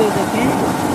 对对对。